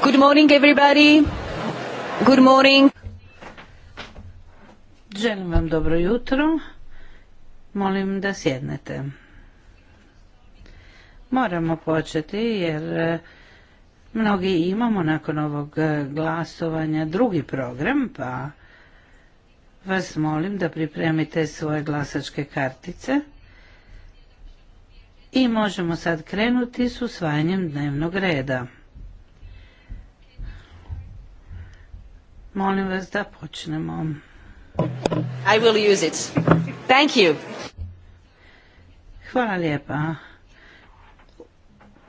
Good morning everybody. Good morning. Želim vam dobro jutro. Molim da sjednete. Moramo početi jer e, mnogi imamo nakon ovog e, glasovanja drugi program pa vas molim da pripremite svoje glasačke kartice. I možemo sad krenuti s usvajanjem dnevnog reda. Molim vas da počnemo. I will use it. Thank you. Hvala lijepa.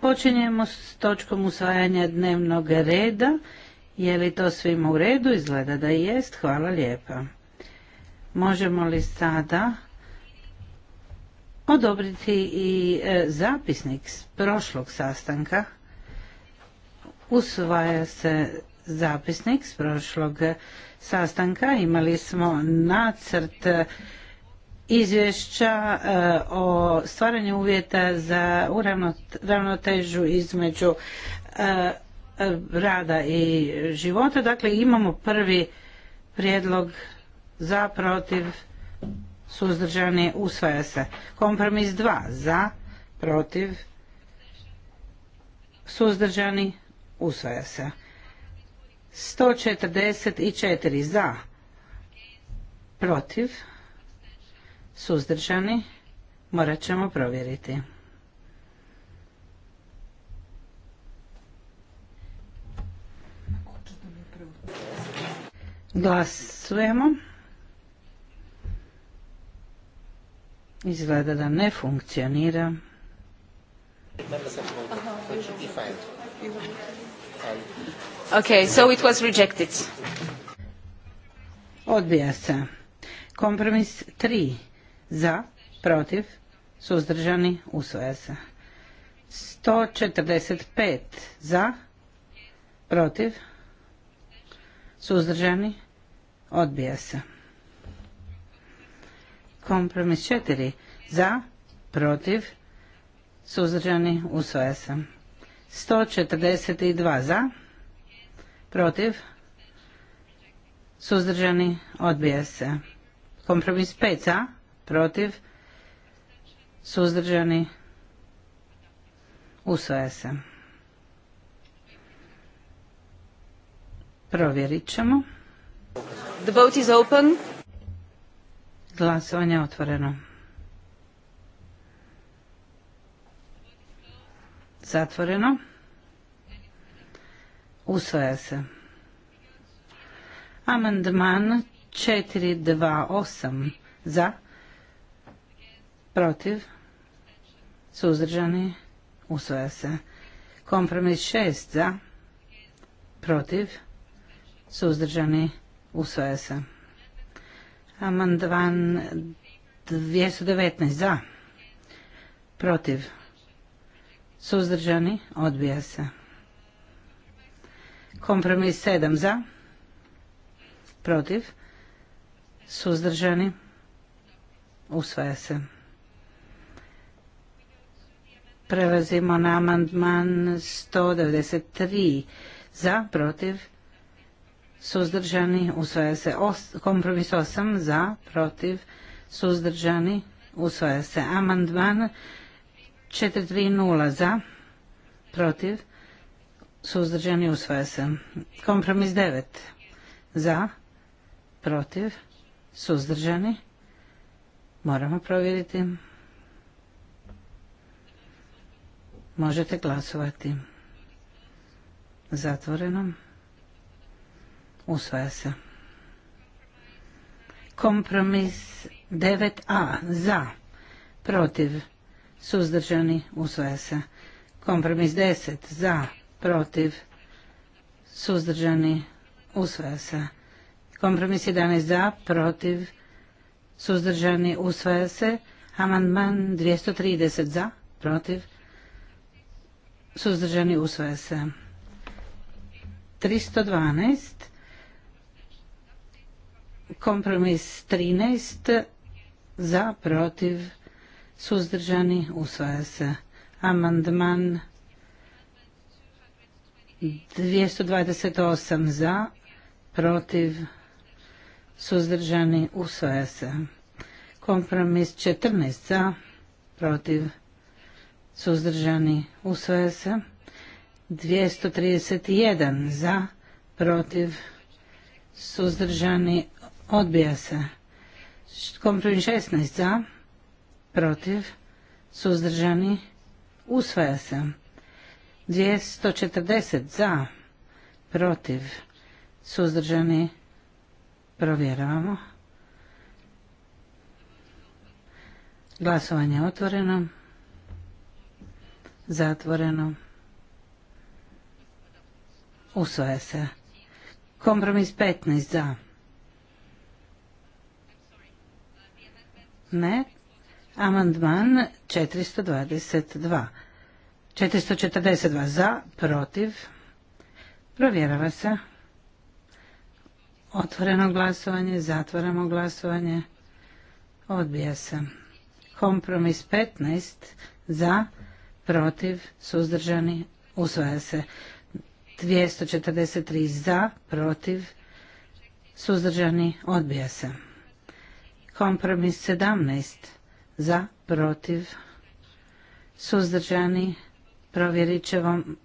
Počinjemo s točkom usvajanja dnevnog reda. Je li to svima u redu? Izgleda da jest. Hvala lijepa. Možemo li sada odobriti i e, zapisnik s prošlog sastanka? Usvaja se zapisnik s prošlog sastanka. Imali smo nacrt izvješća eh, o stvaranju uvjeta za uravnotežu između eh, rada i života. Dakle, imamo prvi prijedlog za, protiv, suzdržani, usvaja se. Kompromis 2 za, protiv, suzdržani, usvaja se. 144 za, protiv, suzdržani, morat ćemo provjeriti. Glasujemo. Izgleda da ne funkcionira. Okay, so it was rejected. Odbija se. Kompromis 3. Za, protiv, suzdržani, usvoja se. 145 za, protiv, suzdržani, odbija se. Kompromis 4. Za, protiv, suzdržani, usvoja se. 142 za, protiv, suzdržani, odbija se. Kompromis 5 za, protiv, suzdržani, usvaja se. Provjerit ćemo. open. Glasovanje je otvoreno. Zatvoreno. Usvaja se. Amandman 428 za, protiv, suzdržani, usvaja se. Kompromis 6 za, protiv, suzdržani, usvaja se. Amandman 219 za, protiv, suzdržani, odbija se. Kompromis 7 za, protiv, suzdržani, usvaja se. Prelazimo na amandman 193 za, protiv, suzdržani, usvaja se. kompromis 8 za, protiv, suzdržani, usvaja se. Amandman 430 za, protiv, suzdržani usvaja se. Kompromis 9 za, protiv, suzdržani. Moramo provjeriti. Možete glasovati. zatvorenom, Usvaja se. Kompromis 9a za, protiv, suzdržani, usvaja se. Kompromis 10 za, protiv, suzdržani, usvaja se. Kompromis 11 za, protiv, suzdržani, usvaja se. Amandman 230 za, protiv, suzdržani, usvaja se. 312, kompromis 13 za, protiv, suzdržani, usvaja se. Amandman 228 za, protiv, suzdržani, usvaja se. Kompromis 14 za, protiv, suzdržani, usvaja se. 231 za, protiv, suzdržani, odbija se. Kompromis 16 za, protiv, suzdržani, usvaja se. 240 za, protiv, suzdržani, provjeravamo. Glasovanje otvoreno, zatvoreno, usvaja se. Kompromis 15 za. Ne. Amandman 422 442 za, protiv. Provjerava se. Otvoreno glasovanje, zatvoramo glasovanje. Odbija se. Kompromis 15 za, protiv, suzdržani, usvaja se. 243 za, protiv, suzdržani, odbija se. Kompromis 17 za, protiv, suzdržani, Provjerit će vam.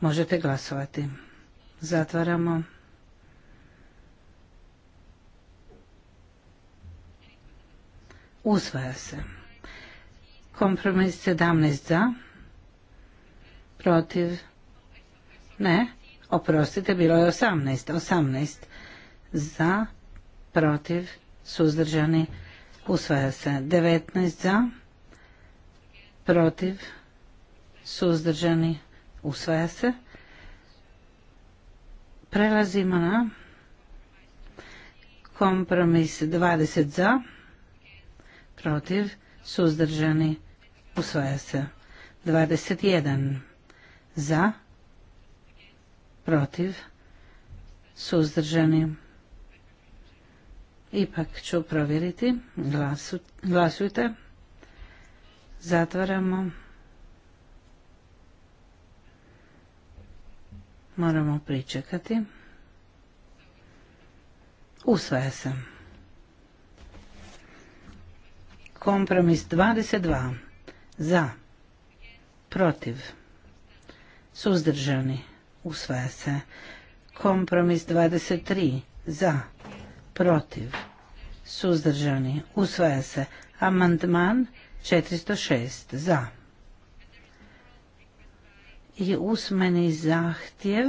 Možete glasovati. Zatvaramo. Usvaja se. Kompromis 17 za. Protiv. Ne. Oprostite, bilo je 18. 18 za. Protiv. Suzdržani. Usvaja se. 19 za. Protiv suzdržani, usvaja se. Prelazimo na kompromis 20 za, protiv, suzdržani, usvaja se. 21 za, protiv, suzdržani. Ipak ću provjeriti. glasujte. Zatvaramo. Moramo pričekati. Usvaja se. Kompromis 22. Za. Protiv. Suzdržani. Usvaja se. Kompromis 23. Za. Protiv. Suzdržani. Usvaja se. Amandman 406. Za i usmeni zahtjev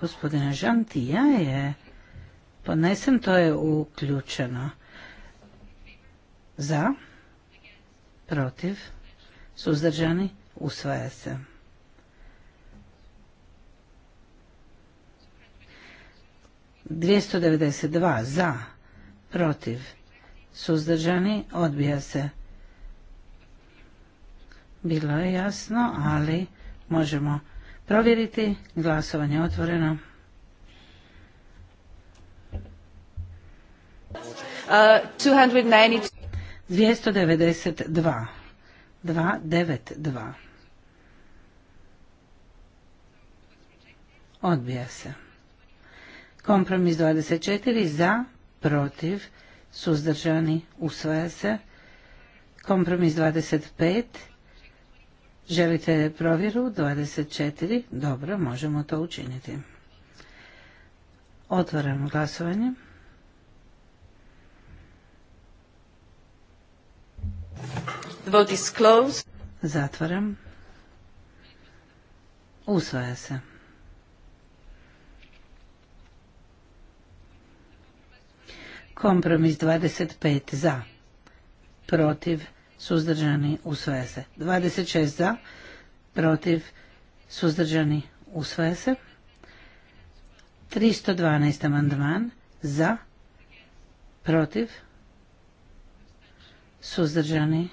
gospodina Žantija je podnesen, to je uključeno. Za, protiv, suzdržani, usvaja se. dva za, protiv, suzdržani, odbija se. Bilo je jasno, ali možemo provjeriti. Glasovanje je otvoreno. Uh, 292. 292. Odbija se. Kompromis 24 za, protiv, suzdržani, usvaja se. Kompromis 25 Želite provjeru 24? Dobro, možemo to učiniti. Otvaram glasovanje. vote Zatvaram. Usvaja se. Kompromis 25 za. Protiv suzdržani, usvaja se. 26 za, protiv, suzdržani, usvaja se. 312 amandman za, protiv, suzdržani,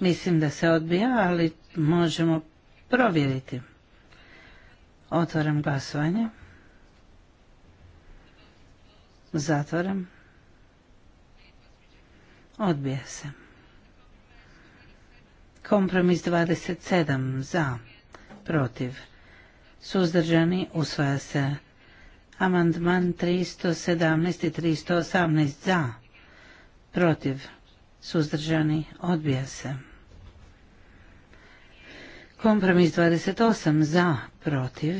mislim da se odbija, ali možemo provjeriti. Otvaram glasovanje. Zatvaram. Odbija se. Kompromis 27 za, protiv, suzdržani, usvaja se. Amandman 317 i 318 za, protiv, suzdržani, odbija se. Kompromis 28 za, protiv,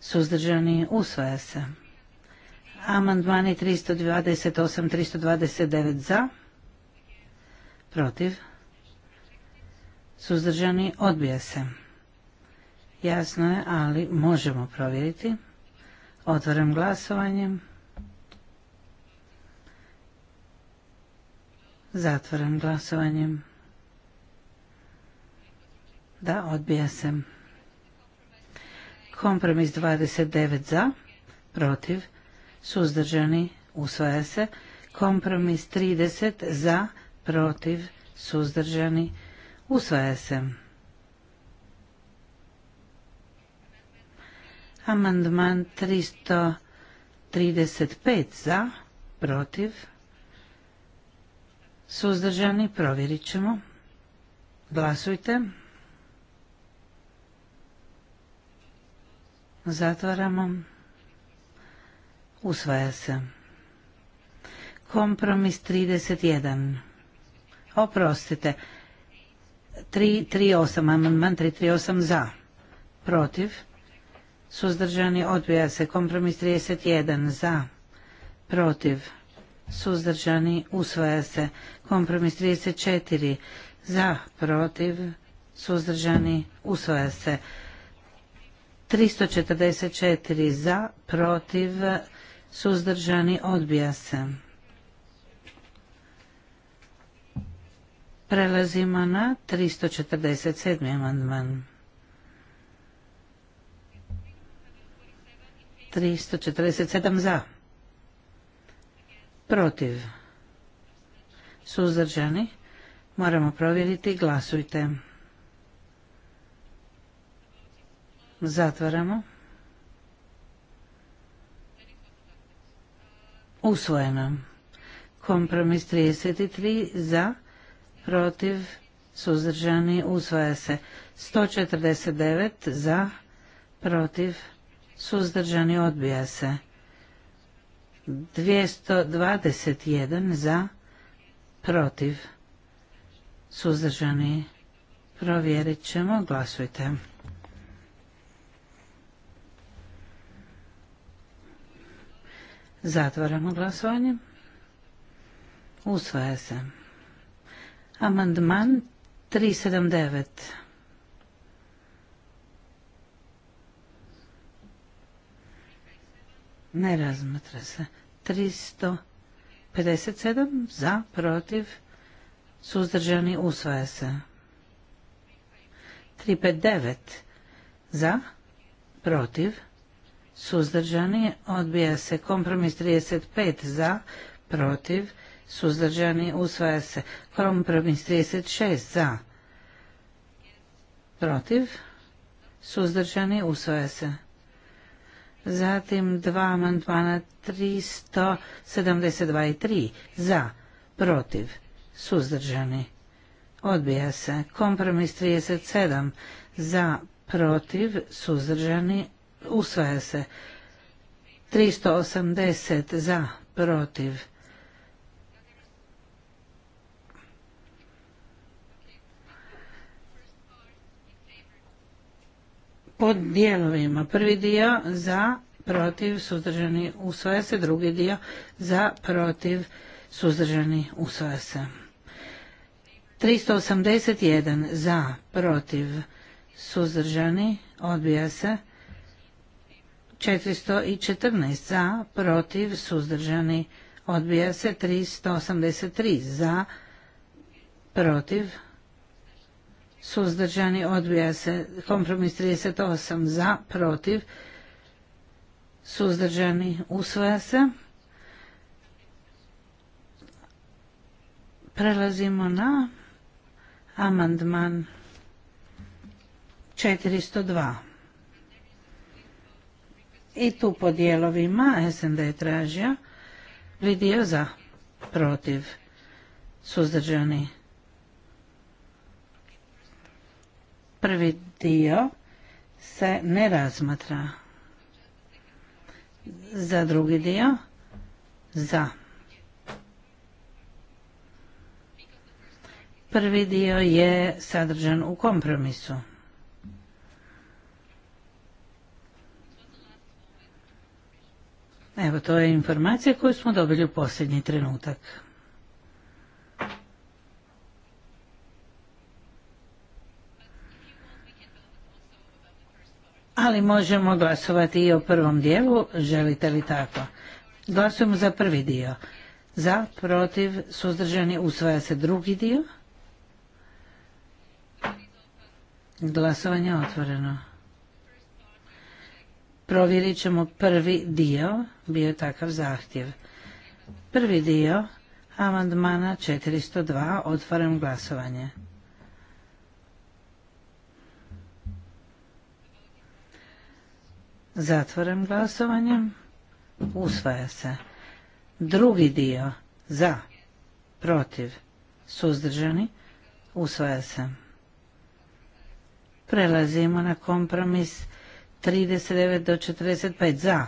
suzdržani, usvaja se. Amandmani 328, 329 za, protiv, Suzdržani odbija se. Jasno je, ali možemo provjeriti. Otvaram glasovanje. Zatvaram glasovanje. Da, odbija se. Kompromis 29 za, protiv, suzdržani, usvaja se. Kompromis 30 za, protiv, suzdržani, Usvaja se. Amandman 335 za, protiv, suzdržani, provjerit ćemo. Glasujte. Zatvaramo. Usvaja se. Kompromis 31. Oprostite. 338, amandman 338 za, protiv, suzdržani odbija se, kompromis 31 za, protiv, suzdržani usvaja se, kompromis 34 za, protiv, suzdržani usvaja se, 344 za, protiv, suzdržani odbija se. Prelazimo na 347. amandman. 347 za. Protiv. Suzdržani. Moramo provjeriti. Glasujte. Zatvaramo. Usvojeno. Kompromis 33 za protiv, suzdržani, usvaja se. 149 za, protiv, suzdržani, odbija se. 221 za, protiv, suzdržani, provjerit ćemo, glasujte. Zatvaramo glasovanje. Usvaja se. Amandman 379. Ne razmatra se. 357 za, protiv, suzdržani, usvaja se. 359 za, protiv, suzdržani, odbija se. Kompromis 35 za, protiv, suzdržani, usvaja se. Kompromis 36 za, protiv, suzdržani, usvaja se. Zatim dva amandmana 372 i 3 za, protiv, suzdržani, odbija se. Kompromis 37 za, protiv, suzdržani, usvaja se. 380 za, protiv, po dijelovima. Prvi dio za, protiv, suzdržani, usvaja se. Drugi dio za, protiv, suzdržani, usvaja se. 381 za, protiv, suzdržani, odbija se. 414 za, protiv, suzdržani, odbija se. 383 za, protiv, suzdržani odbija se kompromis 38 za protiv suzdržani usvaja se prelazimo na amandman 402 i tu po dijelovima SND je tražio vidio za protiv suzdržani Prvi dio se ne razmatra. Za drugi dio za. Prvi dio je sadržan u kompromisu. Evo, to je informacija koju smo dobili u posljednji trenutak. ali možemo glasovati i o prvom dijelu, želite li tako? Glasujemo za prvi dio. Za, protiv, suzdržani, usvaja se drugi dio. Glasovanje otvoreno. Provjerit ćemo prvi dio, bio je takav zahtjev. Prvi dio, amandmana 402, otvaram glasovanje. Zatvorem glasovanje. Usvaja se. Drugi dio za, protiv, suzdržani, usvaja se. Prelazimo na kompromis 39 do 45 za,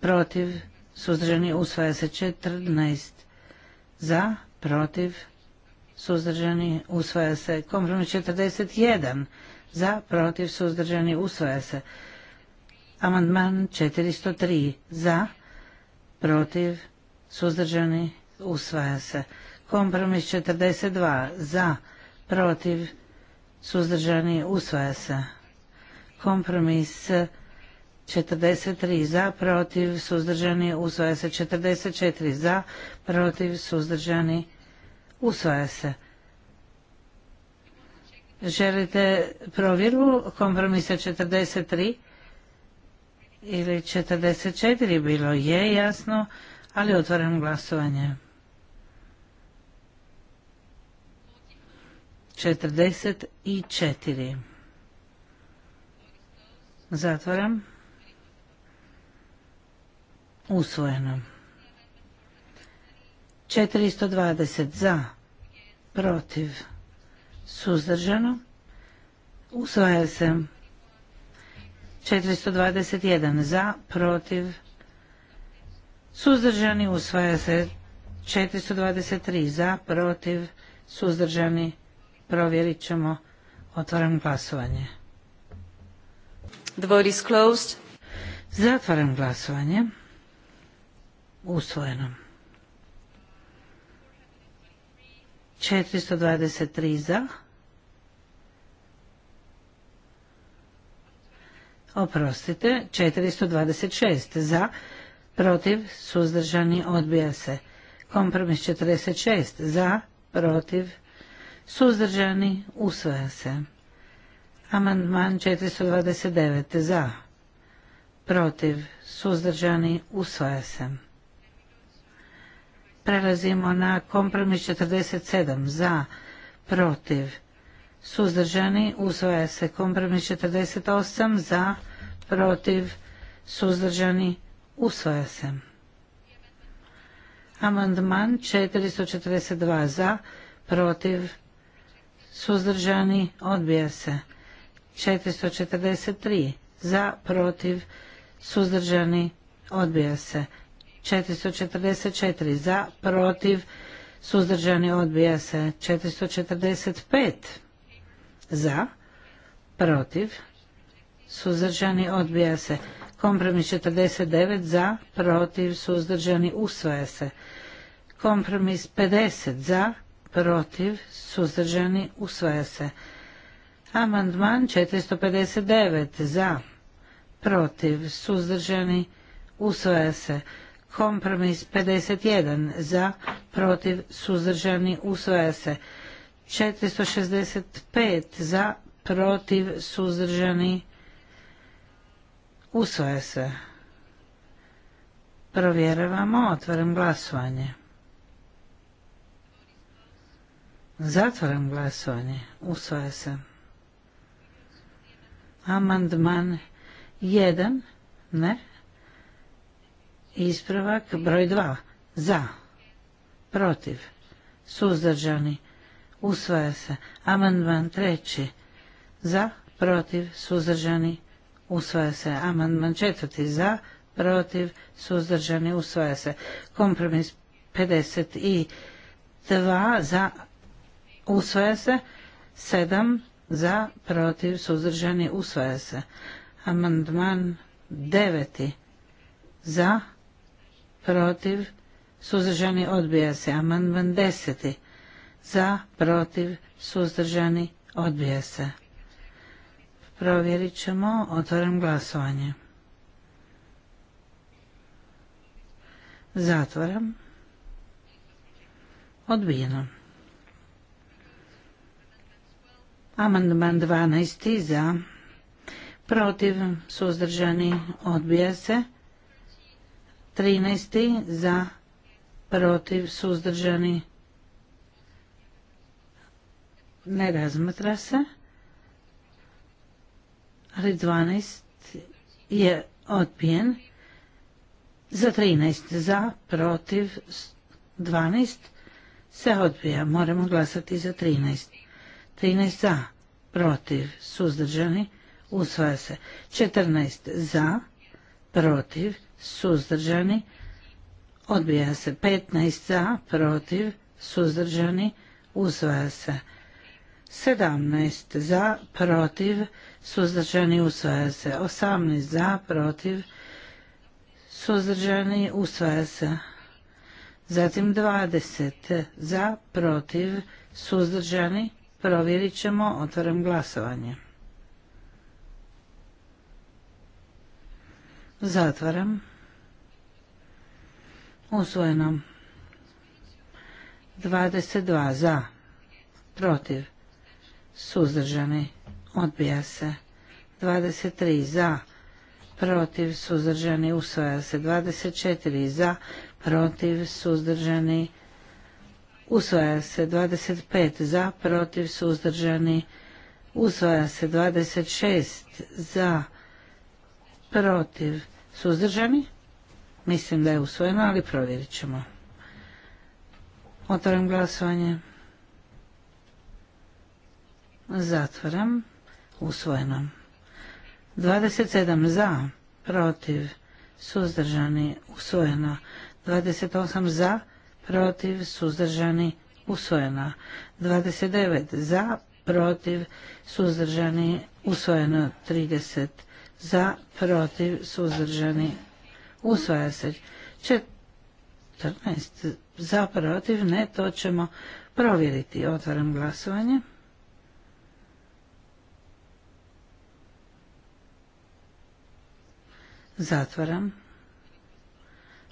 protiv, suzdržani, usvaja se 14 za, protiv, suzdržani, usvaja se. Kompromis 41 za, protiv, suzdržani, usvaja se. Amandman 403 za, protiv, suzdržani, usvaja se. Kompromis 42 za, protiv, suzdržani, usvaja se. Kompromis 43 za, protiv, suzdržani, usvaja se. 44 za, protiv, suzdržani, usvaja se. Želite provjeru kompromisa 43? ili 44 bilo je jasno, ali otvaram glasovanje. 44. Zatvaram. Usvojeno. 420 za, protiv, suzdržano. Usvaja se. 421 za, protiv, suzdržani, usvaja se 423 za, protiv, suzdržani, provjerit ćemo, otvaram glasovanje. The vote is closed. Zatvaram glasovanje. Usvojeno. 423 za, oprostite, 426 za, protiv, suzdržani, odbija se. Kompromis 46 za, protiv, suzdržani, usvaja se. Amandman 429 za, protiv, suzdržani, usvaja se. Prelazimo na kompromis 47 za, protiv, suzdržani, usvaja se. Kompromis 48 za, protiv, suzdržani, usvaja se. Amandman 442 za, protiv, suzdržani, odbija se. 443 za, protiv, suzdržani, odbija se. 444 za, protiv, suzdržani, odbija se. 445 za, protiv, suzdržani odbija se. Kompromis 49 za, protiv, suzdržani usvaja se. Kompromis 50 za, protiv, suzdržani usvaja se. Amandman 459 za, protiv, suzdržani usvaja se. Kompromis 51 za, protiv, suzdržani usvaja se. 465 za, protiv, suzdržani, Usvoje se. Provjeravamo, otvaram glasovanje. Zatvaram glasovanje, usvaja se. Amandman 1, ne, ispravak broj 2, za, protiv, suzdržani, usvaja se. Amandman treći za, protiv, suzdržani, usvaja se. Amandman četvrti za, protiv, suzdržani, usvaja se. Kompromis 52 za, usvaja se. 7 za, protiv, suzdržani, usvaja se. Amandman deveti za, protiv, suzdržani, odbija se. Amandman deseti za, protiv, suzdržani, odbija se. Provjerit ćemo, otvorim glasovanje. Zatvaram. Odbijeno. Amandman 12. za. Protiv. Suzdržani. Odbija se. 13. za. Protiv. Suzdržani ne razmatra se, ali 12 je odbijen, za 13 za, protiv 12 se odbija, moramo glasati za 13. 13 za, protiv, suzdržani, usvaja se. 14 za, protiv, suzdržani, odbija se. 15 za, protiv, suzdržani, usvaja se. Sedamnaest za, protiv, suzdržani usvaja se. Osamnaest za, protiv, suzdržani usvaja se. Zatim dvadeset za, protiv, suzdržani, provjerit ćemo, otvaram glasovanje. Zatvaram. Usvojeno. 22 za, protiv, suzdržani, odbija se. 23 za, protiv, suzdržani, usvaja se. 24 za, protiv, suzdržani, usvaja se. 25 za, protiv, suzdržani, usvaja se. 26 za, protiv, suzdržani, mislim da je usvojeno, ali provjerit ćemo. Otvaram glasovanje. Zatvaram. Usvojeno. 27 za, protiv, suzdržani, usvojeno. 28 za, protiv, suzdržani, usvojeno. 29 za, protiv, suzdržani, usvojeno. 30 za, protiv, suzdržani, usvaja se. 14 za, protiv, ne, to ćemo provjeriti. Otvaram glasovanje. Zatvaram.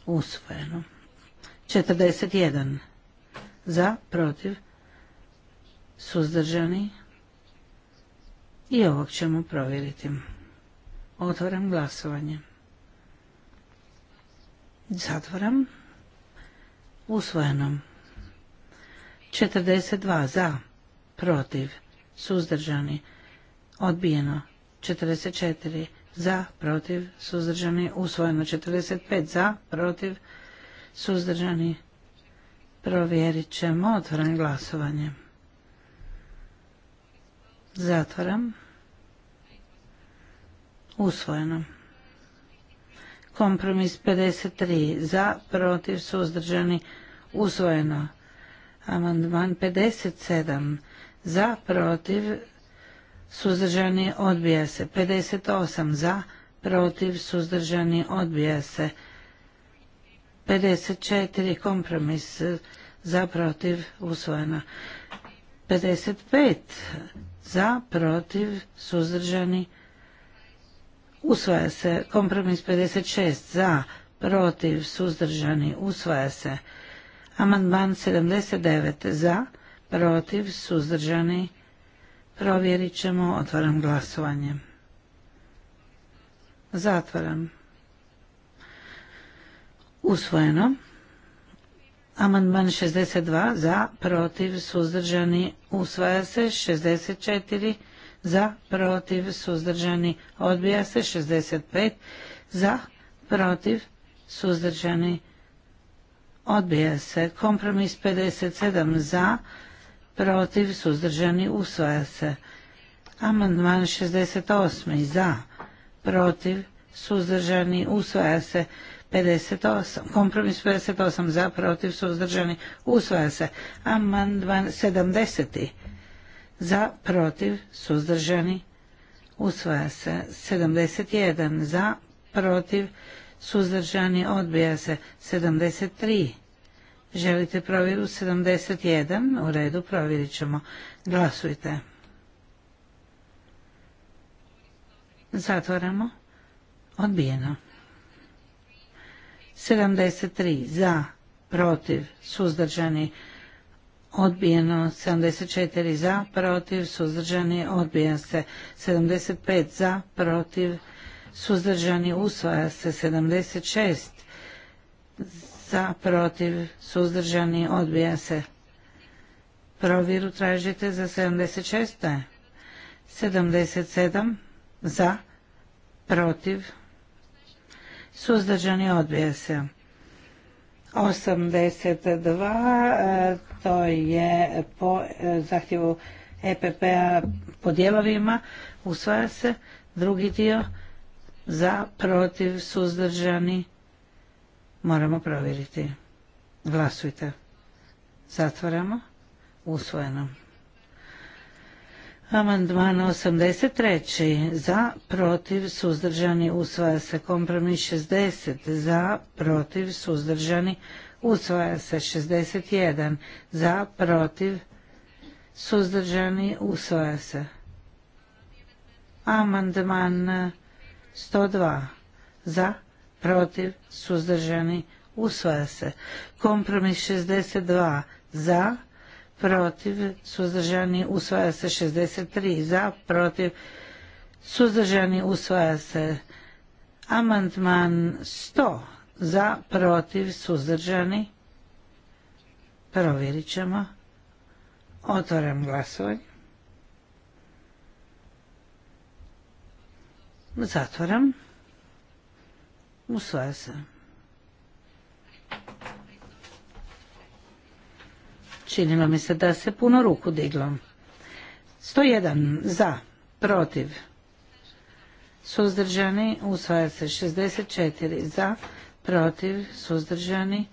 Usvojeno. 41. Za, protiv, suzdržani. I ovog ćemo provjeriti. Otvaram glasovanje. Zatvaram. Usvojeno. 42 za, protiv, suzdržani, odbijeno. 44 za, protiv, suzdržani, usvojeno 45 za, protiv, suzdržani, provjerit ćemo, otvoren glasovanje. Zatvoram. Usvojeno. Kompromis 53 za, protiv, suzdržani, usvojeno. Amandman 57 za, protiv, suzdržani odbija se 58 za protiv suzdržani odbija se 54 kompromis za protiv usvojena 55 za protiv suzdržani usvaja se kompromis 56 za protiv suzdržani usvaja se amandman 79 za protiv suzdržani Provjerit ćemo, otvaram glasovanje. Zatvaram. Usvojeno. Amandman 62 za, protiv, suzdržani, usvaja se 64 za, protiv, suzdržani, odbija se 65 za, protiv, suzdržani, odbija se kompromis 57 za, protiv, suzdržani, usvaja se. Amandman 68. za, protiv, suzdržani, usvaja se. 58, kompromis 58 za, protiv, suzdržani, usvaja se. Amandman 70. za, protiv, suzdržani, usvaja se. 71 za, protiv, suzdržani, odbija se. 73 Želite provjeru 71? U redu, provjerit ćemo. Glasujte. Zatvaramo. Odbijeno. 73 za, protiv, suzdržani, odbijeno. 74 za, protiv, suzdržani, odbija se. 75 za, protiv, suzdržani, usvaja se. 76 Za za, protiv, suzdržani, odbija se. Proviru tražite za 76. 77 za, protiv, suzdržani, odbija se. 82, e, to je po e, zahtjevu EPP-a po dijelovima, usvaja se drugi dio za, protiv, suzdržani, Moramo provjeriti. Glasujte. Zatvaramo. Usvojeno. Amandman 83. Za, protiv, suzdržani, usvaja se. Kompromis 60. Za, protiv, suzdržani, usvaja se. 61. Za, protiv, suzdržani, usvaja se. Amandman 102. Za, protiv, suzdržani, usvaja se. Kompromis 62 za, protiv, suzdržani, usvaja se 63 za, protiv, suzdržani, usvaja se. Amandman 100 za, protiv, suzdržani, provjerit ćemo. Otvaram glasovanje. Zatvaram. Usvaja se. Činilo mi se da se puno ruku diglo. 101 za, protiv, suzdržani, usvaja se 64 za, protiv, suzdržani,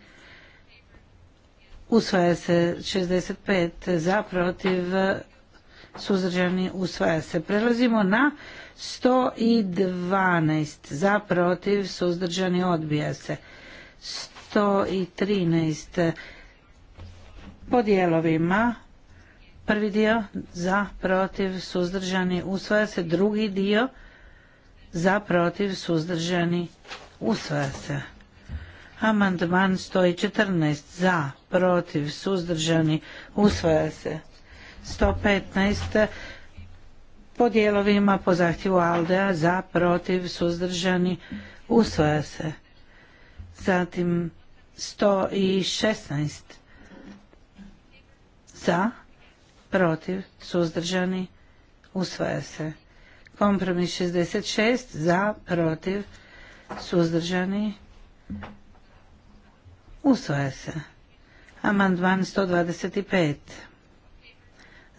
usvaja se 65 za, protiv, suzdržani usvaja se. Prelazimo na 112 za protiv suzdržani odbija se. 113 po dijelovima prvi dio za protiv suzdržani usvaja se drugi dio za protiv suzdržani usvaja se. Amandman 114 za protiv suzdržani usvaja se. 115 po dijelovima po zahtjevu Aldea za protiv suzdržani usvaja se. Zatim 116 za protiv suzdržani usvaja se. Kompromis 66 za protiv suzdržani usvaja se. Amandman 125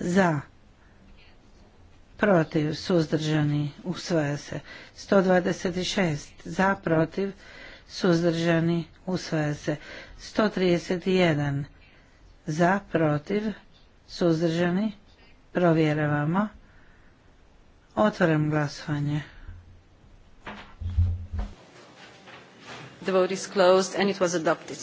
za, protiv, suzdržani, usvaja se. 126 za, protiv, suzdržani, usvaja se. 131 za, protiv, suzdržani, provjeravamo. Otvaram glasovanje. The vote closed and it was adopted.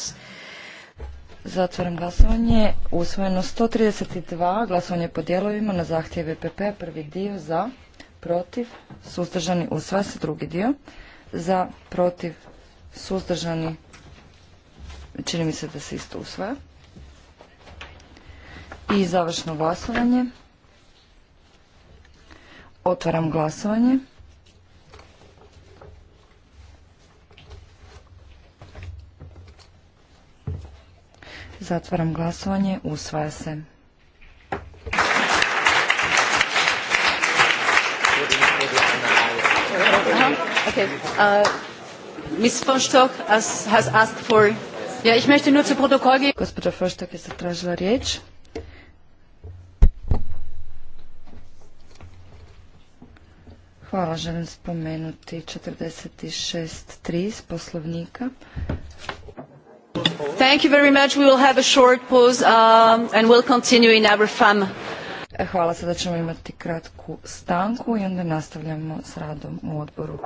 Zatvaram glasovanje. Usvojeno 132. Glasovanje po dijelovima na zahtjev EPP. Prvi dio za, protiv, suzdržani, usvaja se. Drugi dio za, protiv, suzdržani, čini mi se da se isto usvaja. I završno glasovanje. Otvaram glasovanje. Zatvaram glasovanje. Usvaja se. Okay. Uh, Foštok je zatražila riječ. Hvala, želim spomenuti 46.3 iz poslovnika. Thank you very much. We will have a short pause um, and we'll continue in our fam. Hvala, sada ćemo imati kratku stanku i onda nastavljamo s radom u odboru.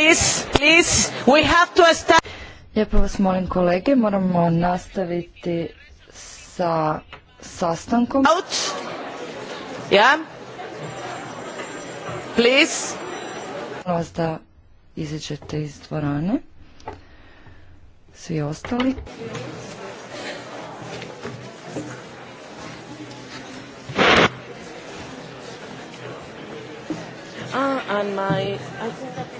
Please, please, we have to Lijepo vas molim kolege, moramo nastaviti sa sastankom. Out. Ja. Please. Molim vas da izađete iz dvorane. Svi ostali. Ah, and my... I think that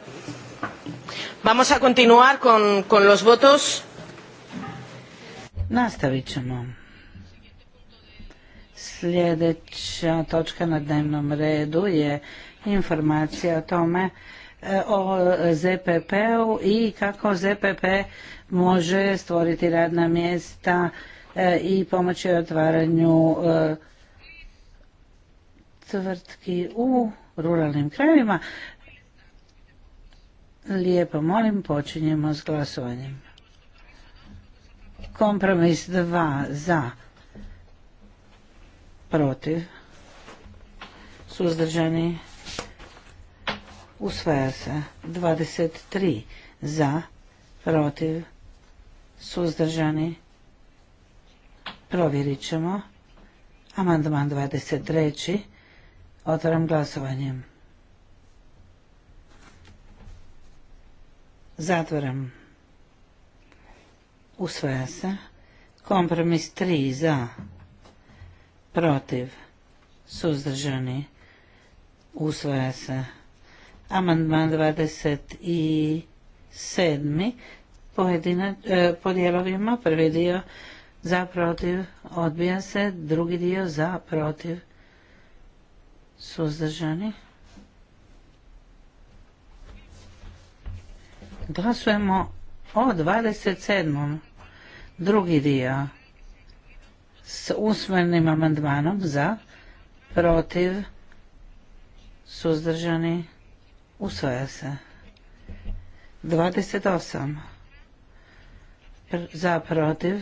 Vamos a continuar con, con los votos. Nastavit ćemo. Sljedeća točka na dnevnom redu je informacija o tome e, o ZPP-u i kako ZPP može stvoriti radna mjesta e, i pomoći otvaranju e, tvrtki u ruralnim krajevima. Lijepo molim, počinjemo s glasovanjem. Kompromis 2 za, protiv, suzdržani, usvaja se. 23 za, protiv, suzdržani, provjerit ćemo. Amandman 23. Otvaram glasovanjem. Zatvoram. Usvaja se. Kompromis 3 za. Protiv. Suzdržani. Usvaja se. Amandman 27. Pojedina, e, po dijelovima. Prvi dio za protiv. Odbija se. Drugi dio za protiv. Suzdržani. Glasujemo o 27. drugi dio s usmenim amandmanom za, protiv, suzdržani, usvaja se. 28. za, protiv,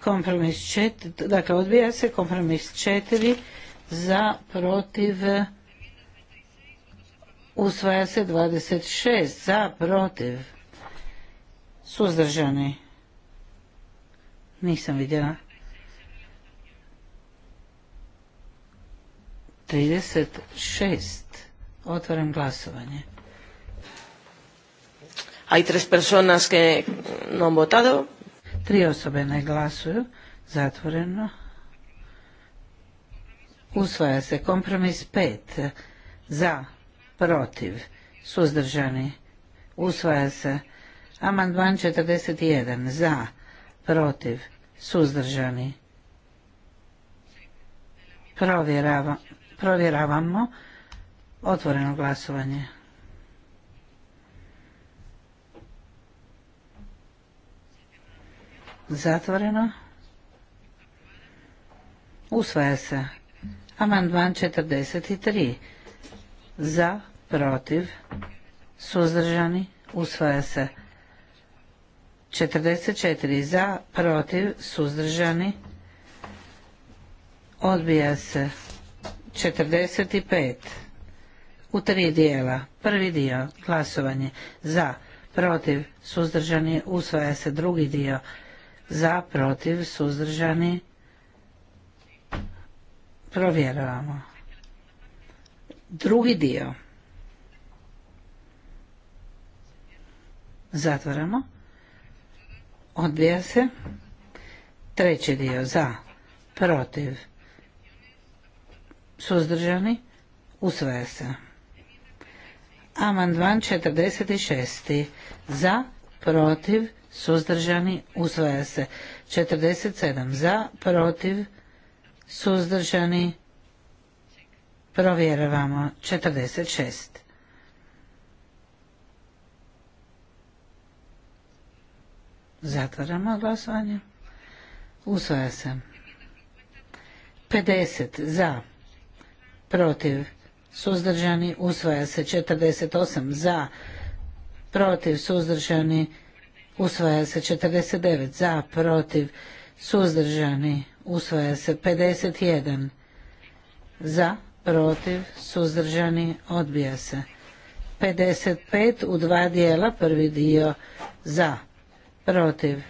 kompromis 4, dakle odbija se kompromis 4 za, protiv, Usvaja se 26 za, protiv. Suzdržani. Nisam vidjela. 36. Otvorem glasovanje. Hay tres personas que no han votado. Tri osobe ne glasuju. Zatvoreno. Usvaja se kompromis 5. Za, protiv, suzdržani, usvaja se. Amandman 41 za, protiv, suzdržani. provjeravamo otvoreno glasovanje. Zatvoreno. Usvaja se. Amandman 43. Za, protiv, suzdržani, usvaja se. 44 za, protiv, suzdržani, odbija se. 45 u tri dijela. Prvi dio, glasovanje za, protiv, suzdržani, usvaja se. Drugi dio, za, protiv, suzdržani, provjeravamo. Drugi dio. Zatvaramo. Odbija se. Treći dio za, protiv, suzdržani, usvaja se. Amandman 46. Za, protiv, suzdržani, usvaja se. 47. Za, protiv, suzdržani, provjeravamo. 46. Zatvaramo glasovanje. Usvaja se. 50 za, protiv, suzdržani, usvaja se. 48 za, protiv, suzdržani, usvaja se. 49 za, protiv, suzdržani, usvaja se. 51 za, protiv, suzdržani, odbija se. 55 u dva dijela, prvi dio za, protiv,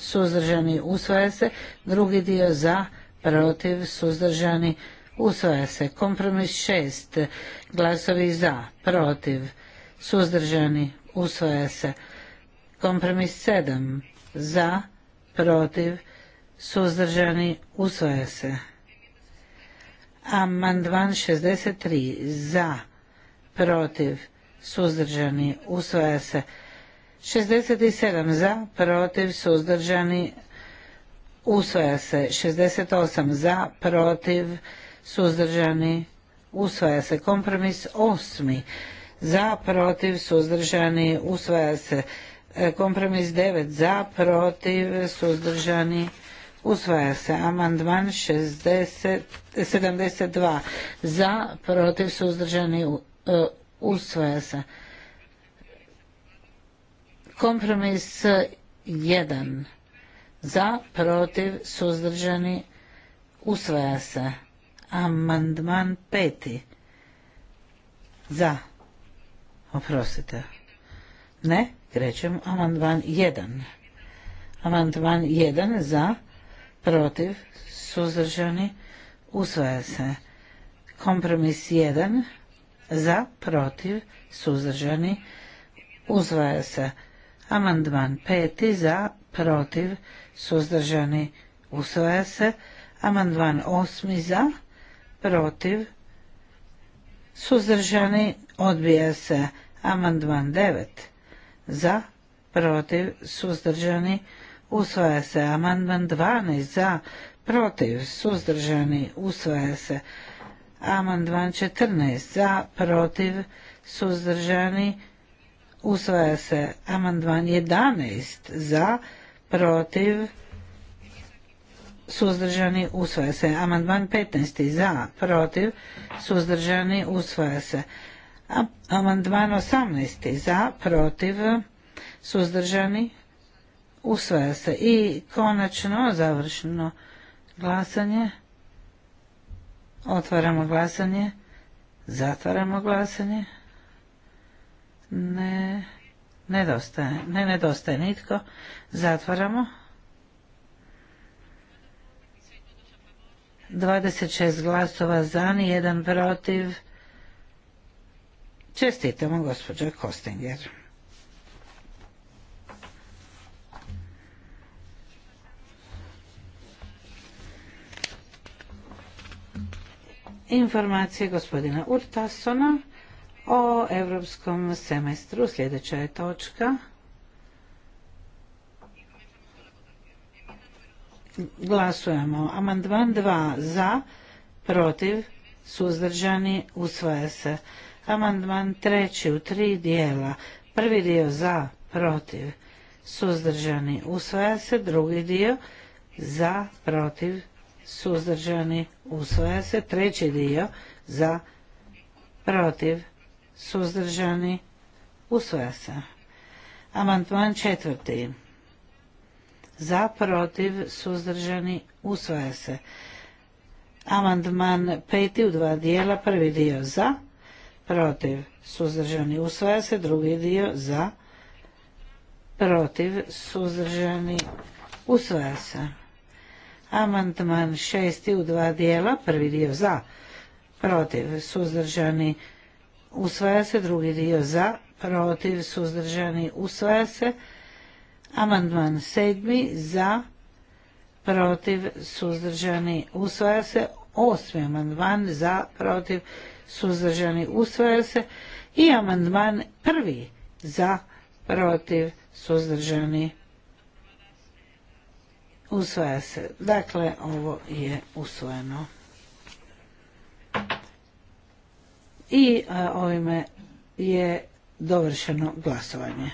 suzdržani, usvaja se. Drugi dio za, protiv, suzdržani, usvaja se. Kompromis šest, glasovi za, protiv, suzdržani, usvaja se. Kompromis sedam, za, protiv, suzdržani, usvaja se. Amandman 63, za, protiv, suzdržani, usvaja se. 67 za, protiv, suzdržani, usvaja se. 68 za, protiv, suzdržani, usvaja se. Kompromis osmi za, protiv, suzdržani, usvaja se. E, kompromis 9 za, protiv, suzdržani, usvaja se. Amandman 72 za, protiv, suzdržani, e, usvaja se. Kompromis 1 za, protiv, suzdržani, usvaja se. Amandman peti. Za. Oprostite. Ne, krećem. Amandman 1. Amandman 1 za, protiv, suzdržani, usvaja se. Kompromis 1 za, protiv, suzdržani, usvaja se. Amandman peti za, protiv, suzdržani, usvaja se. Amandman 8 za, protiv, suzdržani, odbija se. Amandman devet za, protiv, suzdržani, usvaja se. Amandman 12 za, protiv, suzdržani, usvaja se. Amandman 14 za, protiv, suzdržani, usvaja se amandman 11 za protiv suzdržani usvaja se amandman 15 za protiv suzdržani usvaja se amandman 18 za protiv suzdržani usvaja se i konačno završeno glasanje otvaramo glasanje zatvaramo glasanje ne, nedostaje. Ne, nedostaje nitko. Zatvaramo. 26 glasova za, jedan protiv. Čestitamo gospođo Kostinger. Informacije gospodina Urtasona o europskom semestru. Sljedeća je točka. Glasujemo. Amandman 2 za, protiv, suzdržani, usvaja se. Amandman 3 u tri dijela. Prvi dio za, protiv, suzdržani, usvaja se. Drugi dio za, protiv, suzdržani, usvaja se. Treći dio za, protiv, suzdržani, usvaja se. Amandman četvrti. Za, protiv, suzdržani, usvaja se. Amandman peti u dva dijela, prvi dio za, protiv, suzdržani, usvaja se, drugi dio za, protiv, suzdržani, usvaja se. Amandman šesti u dva dijela, prvi dio za, protiv, suzdržani, usvaja se, drugi dio za, protiv, suzdržani, usvaja se, amandman sedmi za, protiv, suzdržani, usvaja se, osmi amandman za, protiv, suzdržani, usvaja se i amandman prvi za, protiv, suzdržani, usvaja se. Dakle, ovo je usvojeno. I ovime je dovršeno glasovanje.